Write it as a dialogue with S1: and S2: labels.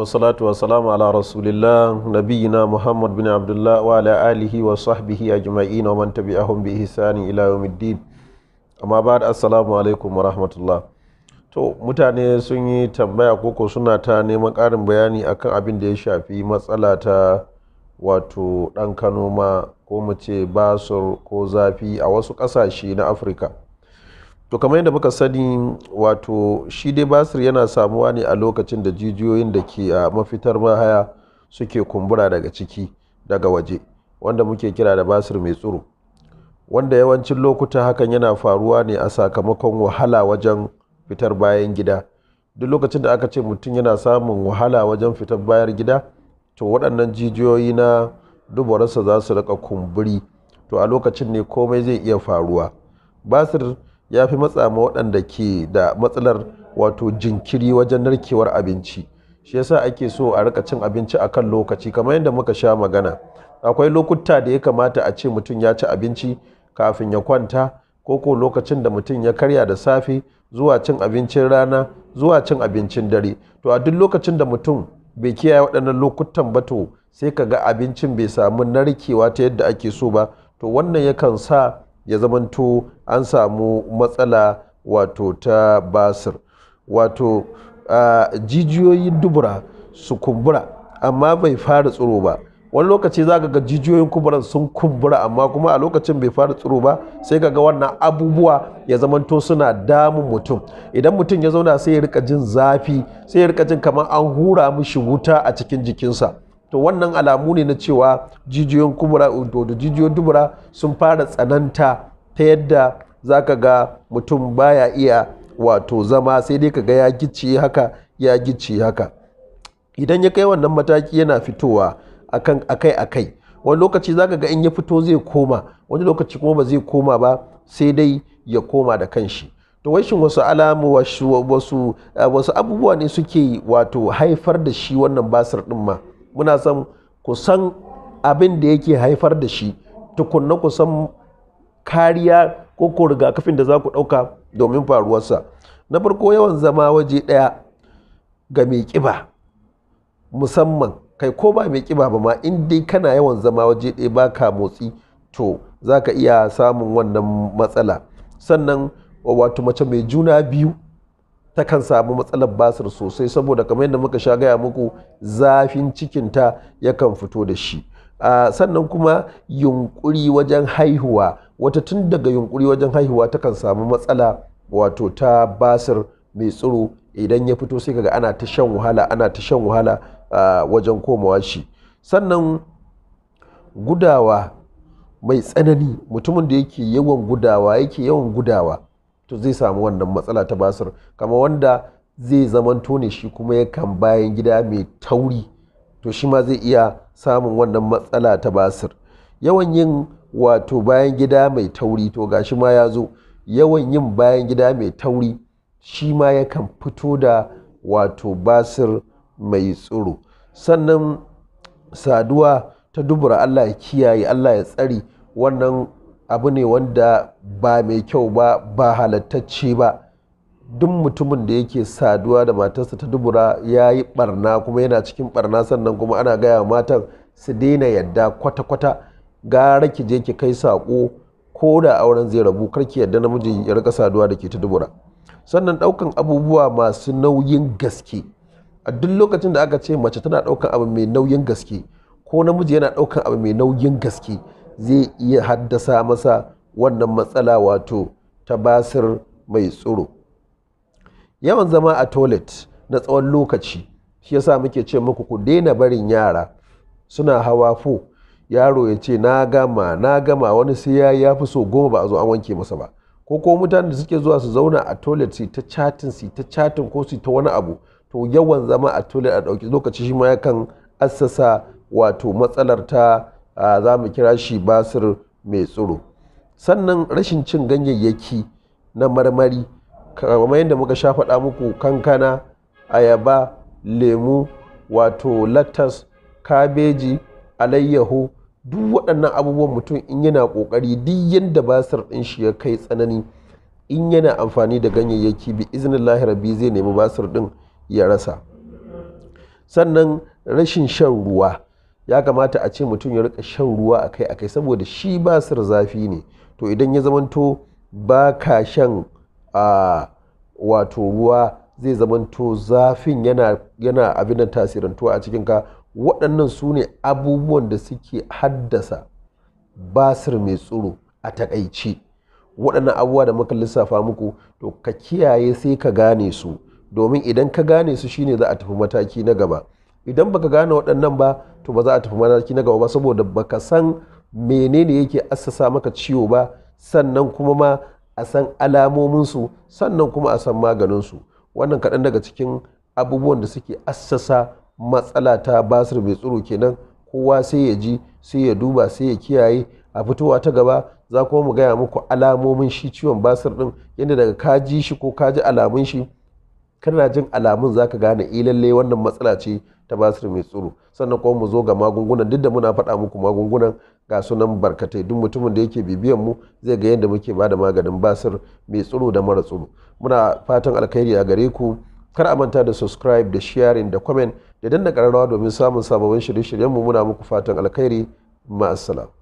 S1: wasalatu wasalamu ala rasulillah nabiyina muhammad bin abdullah wa ala alihi wa sahbihi ajma'in wa man tabi'ahum bi ihsani ila yawmiddin amma ba'd assalamu alaikum wa rahmatullah to mutane sun yi tambaya koko suna ta neman ƙarin bayani akan abin da ya shafi matsala ta wato dan kanoma ko mu ce basur ko zafi a wasu kasashe na afirka to kamar yadda muka sani wato shi dai basir yana samuwa ne a lokacin da jijiyoyin da ke a mafitar mahaya suke kumbura daga ciki daga waje wanda muke kira da basir mai tsoro wanda yawancin lokuta hakan yana faruwa ne a sakamakon wahala wajen fitar bayan gida duk lokacin da aka ce mutum yana samun wahala wajen fitar bayan gida to waɗannan jijiyoyi na dubararsa za su riƙa kumburi to a lokacin ne komai zai iya faruwa basir ya fi matsa ma waɗanda ke da matsalar wato jinkiri wajen narkewar abinci shi yasa ake so a rika cin abinci a kan lokaci kamar yadda muka sha magana akwai lokuta da ya kamata a ce mutum ya ci abinci kafin ya kwanta ko ko lokacin da mutum ya karya da safe zuwa cin abincin rana zuwa cin abincin dare to a duk lokacin da mutum bai kiyaye waɗannan lokutan ba to sai ka ga abincin bai samu narkewa ta yadda ake so ba to wannan yakan sa ya zamanto an samu matsala wato ta basir wato jijiyoyin dubura su kumbura amma bai fara tsiro ba wani lokaci za ga jijiyoyin kumburan sun kumbura amma kuma a lokacin bai fara tsiro ba sai ka ga wannan abubuwa ya zamanto suna damun mutum idan mutum ya zauna sai ya rika jin zafi sai ya rika jin kamar an hura mishi wuta a cikin jikinsa to wannan alamu ne na cewa jijiyoyin kubura da jijiyoyin dubura sun fara tsananta ta yadda za ka ga mutum baya iya wato zama sai dai ka ga ya gici haka ya gici haka idan ya kai wannan mataki yana fitowa akai akai wani lokaci za ka ga in ya fito zai koma wani lokaci kuma ba zai koma ba sai dai ya koma da kanshi to wai wasu alamu wasu abubuwa ne suke wato haifar da shi wannan basir din ma muna son ku san abin da yake haifar da shi tukunna ku san kariya ko ko rigakafin da za ku ɗauka domin faruwarsa na farko yawan zama waje ɗaya ga mai ƙiba musamman kai ko ba mai ƙiba ba ma in dai kana yawan zama waje ɗaya ba ka motsi to za ka iya samun wannan matsala sannan wato mace mai juna biyu takan samu matsalar basir sosai saboda kamar yadda muka sha gaya muku zafin cikinta yakan fito da shi sannan kuma yunkuri wajen haihuwa wata tun daga yunkuri wajen haihuwa takan samu matsala wato ta basir mai tsiro idan ya fito sai kaga ana ta shan wahala ana ta shan wahala wajen komawa shi sannan gudawa mai tsanani mutumin da yake yawan gudawa yake yawan gudawa to zai samu wannan matsala ta basir kama wanda zai zamanto tone shi kuma yakan bayan gida mai tauri to shi ma zai iya samun wannan matsala ta basir yawan yin wato bayan gida mai tauri to ga shi ma ya zo yawan yin bayan gida mai tauri shi ma yakan fito da wato basir mai tsoro sannan saduwa ta dubura Allah ya kiyaye Allah ya tsari wannan abu ne wanda ba mai kyau ba ba halattacce ba duk mutumin da yake saduwa da matarsa ta dubura ya yi barna kuma yana cikin barna sannan kuma ana gaya wa matan su daina yadda kwata-kwata gara ki je ki kai saƙo ko da auren zai rabu karki yadda namiji ya rika saduwa da ke ta dubura sannan ɗaukan abubuwa masu nauyin gaske a duk lokacin da aka ce mace tana ɗaukan abu mai nauyin gaske ko namiji yana ɗaukan abu mai nauyin gaske zai iya haddasa masa wannan matsala wato ta basir mai tsoro yawan zama a toilet na tsawon lokaci shi yasa muke ce muku ku daina barin yara suna hawa fo yaro ya ce na gama na gama wani sai ya ya fi so goma ba a zo an wanke masa ba ko ko mutanen da suke zuwa su zauna a toilet su ta chatin su ta chatin ko su ta wani abu to yawan zama a toilet a ɗauki lokaci shi ma yakan assasa wato matsalar ta za mu kira shi basir mai tsoro sannan rashin cin ganyayyaki na marmari kamar yadda muka sha faɗa muku kankana ayaba lemu wato latas kabeji alayyahu duk waɗannan abubuwan mutum in yana ƙoƙari duk yadda basir ɗin shi ya kai tsanani in yana amfani da ganyayyaki bi lahira rabbi zai nemi basir ɗin ya rasa sannan rashin shan ruwa ya kamata a ce mutum ya rika shan ruwa akai akai saboda shi ba sir zafi ne to idan ya zamanto ba ka shan a wato ruwa zai zamanto zafin yana yana tasirin tuwa a cikin ka waɗannan su ne abubuwan da suke haddasa basir mai tsoro a takaici waɗannan abubuwa da muka lissafa muku to ka kiyaye sai ka gane su domin idan ka gane su shine za a tafi mataki na gaba idan baka gane waɗannan ba to ba za a tafi mataki na gaba ba saboda baka san menene yake assasa maka ciwo ba sannan kuma ma a san alamominsu sannan kuma a san maganinsu wannan kaɗan daga cikin abubuwan da suke assasa matsala ta basir mai tsoro kenan kowa sai ya ji sai ya duba sai ya kiyaye a fitowa ta gaba za kuma mu gaya muku alamomin shi ciwon basir ɗin yadda daga ka ji shi ko ka ji alamun shi kana jin alamun zaka gane ilalle eh, wannan matsala ce ta basir mai tsoro sannan kuma mu zo ga magungunan duk da muna faɗa muku magungunan ga sunan barkatai duk mutumin da yake bibiyan mu zai ga yadda muke bada maganin basir mai tsoro da mara tsoro muna fatan alkhairi a gare ku kar a manta da subscribe da sharing da comment da danna kararrawa domin samun sababbin shirye shiryen mu muna muku fatan alkhairi ma'assalam